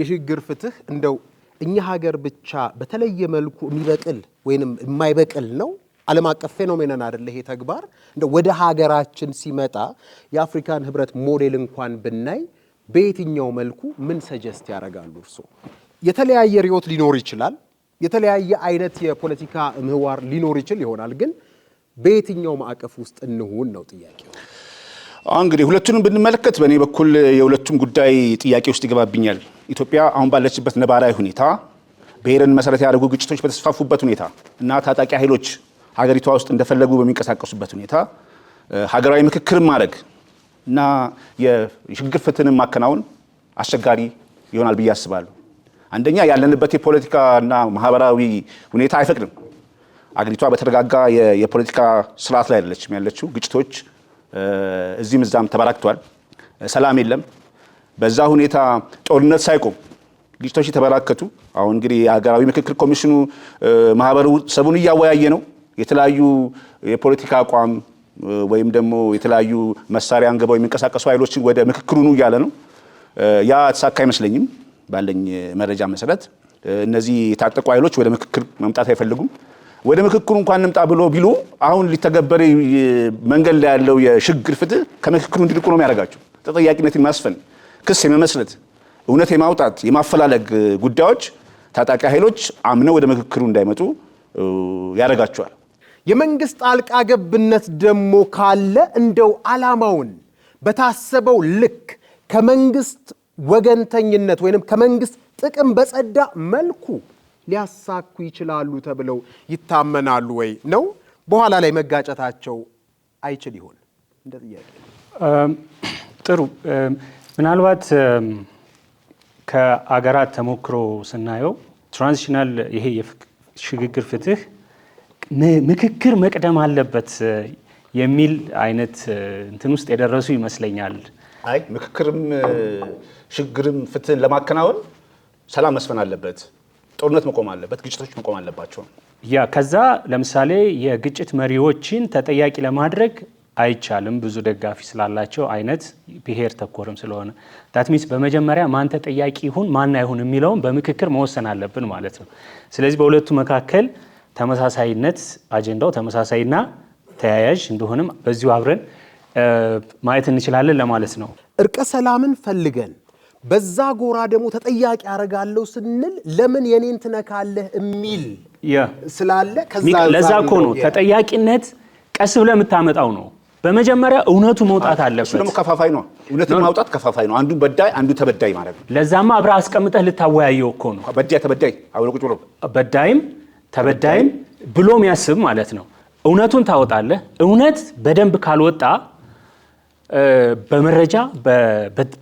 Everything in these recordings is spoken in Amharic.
የሽግግር ፍትህ እንደው እኛ ሀገር ብቻ በተለየ መልኩ የሚበቅል ወይንም የማይበቅል ነው? ዓለም አቀፍ ፌኖሜኖን አይደለ? ይሄ ተግባር እንደ ወደ ሀገራችን ሲመጣ የአፍሪካን ህብረት ሞዴል እንኳን ብናይ በየትኛው መልኩ ምን ሰጀስት ያደርጋሉ እርስዎ? የተለያየ ርዕዮት ሊኖር ይችላል፣ የተለያየ አይነት የፖለቲካ ምህዋር ሊኖር ይችል ይሆናል። ግን በየትኛው ማዕቀፍ ውስጥ እንሁን ነው ጥያቄው። እንግዲህ ሁለቱንም ብንመለከት በእኔ በኩል የሁለቱም ጉዳይ ጥያቄ ውስጥ ይገባብኛል። ኢትዮጵያ አሁን ባለችበት ነባራዊ ሁኔታ ብሔርን መሰረት ያደርጉ ግጭቶች በተስፋፉበት ሁኔታ እና ታጣቂ ኃይሎች ሀገሪቷ ውስጥ እንደፈለጉ በሚንቀሳቀሱበት ሁኔታ ሀገራዊ ምክክርን ማድረግ እና የሽግግር ፍትህን ማከናወን አስቸጋሪ ይሆናል ብዬ አስባለሁ። አንደኛ ያለንበት የፖለቲካ እና ማህበራዊ ሁኔታ አይፈቅድም። አገሪቷ በተረጋጋ የፖለቲካ ስርዓት ላይ አይደለችም ያለችው ግጭቶች እዚህም እዛም ተበራክቷል። ሰላም የለም። በዛ ሁኔታ ጦርነት ሳይቆም ግጭቶች የተበራከቱ አሁን እንግዲህ የሀገራዊ ምክክር ኮሚሽኑ ማህበረሰቡን እያወያየ ነው። የተለያዩ የፖለቲካ አቋም ወይም ደግሞ የተለያዩ መሳሪያ አንግበው የሚንቀሳቀሱ ኃይሎችን ወደ ምክክሩኑ እያለ ነው። ያ ተሳካ አይመስለኝም። ባለኝ መረጃ መሰረት እነዚህ የታጠቁ ኃይሎች ወደ ምክክር መምጣት አይፈልጉም። ወደ ምክክሩ እንኳን እንምጣ ብሎ ቢሉ አሁን ሊተገበር መንገድ ላይ ያለው የሽግግር ፍትህ ከምክክሩ እንዲልቁ ነው የሚያደርጋቸው። ተጠያቂነት ማስፈን፣ ክስ የመመስረት፣ እውነት የማውጣት የማፈላለግ ጉዳዮች ታጣቂ ኃይሎች አምነው ወደ ምክክሩ እንዳይመጡ ያደርጋቸዋል። የመንግስት ጣልቃ ገብነት ደግሞ ካለ እንደው ዓላማውን በታሰበው ልክ ከመንግስት ወገንተኝነት ወይንም ከመንግስት ጥቅም በጸዳ መልኩ ሊያሳኩ ይችላሉ ተብለው ይታመናሉ ወይ ነው? በኋላ ላይ መጋጨታቸው አይችል ይሆን እንደ ጥያቄ። ጥሩ ምናልባት ከአገራት ተሞክሮ ስናየው ትራንዚሽናል ይሄ የሽግግር ፍትህ ምክክር መቅደም አለበት የሚል አይነት እንትን ውስጥ የደረሱ ይመስለኛል። አይ ምክክርም ሽግግርም ፍትህን ለማከናወን ሰላም መስፈን አለበት። ጦርነት መቆም አለበት፣ ግጭቶች መቆም አለባቸው። ያ ከዛ ለምሳሌ የግጭት መሪዎችን ተጠያቂ ለማድረግ አይቻልም ብዙ ደጋፊ ስላላቸው አይነት ብሔር ተኮርም ስለሆነ ዳትሚስ በመጀመሪያ ማን ተጠያቂ ይሁን ማን አይሁን የሚለውን በምክክር መወሰን አለብን ማለት ነው። ስለዚህ በሁለቱ መካከል ተመሳሳይነት አጀንዳው ተመሳሳይና ተያያዥ እንደሆንም በዚሁ አብረን ማየት እንችላለን ለማለት ነው። እርቀ ሰላምን ፈልገን በዛ ጎራ ደግሞ ተጠያቂ ያደርጋለሁ ስንል ለምን የኔን ትነካለህ የሚል ስላለ ለዛ እኮ ነው ተጠያቂነት ቀስ ብለህ የምታመጣው ነው። በመጀመሪያ እውነቱ መውጣት አለበት። እሱ ደግሞ ከፋፋይ ነው። እውነቱን ማውጣት ከፋፋይ ነው። አንዱ በዳይ አንዱ ተበዳይ ማለት ነው። ለዛማ አብረህ አስቀምጠህ ልታወያየው እኮ ነው። በዳይ ተበዳይ አብረህ ቁጭ ብሎ በዳይም ተበዳይም ብሎ የሚያስብ ማለት ነው። እውነቱን ታወጣለህ። እውነት በደንብ ካልወጣ በመረጃ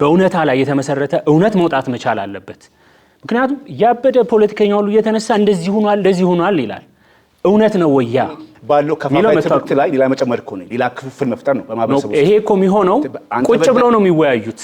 በእውነታ ላይ የተመሰረተ እውነት መውጣት መቻል አለበት። ምክንያቱም ያበደ ፖለቲከኛ ሁሉ እየተነሳ እንደዚህ ሆኗል እንደዚህ ሆኗል ይላል። እውነት ነው ወያ ባለው ከፋፋይ ትምህርት ላይ ሌላ መጨመር እኮ ነው፣ ሌላ ክፍፍል መፍጠር ነው። በማህበረሰቡ ይሄ እኮ የሚሆነው ቁጭ ብለው ነው የሚወያዩት።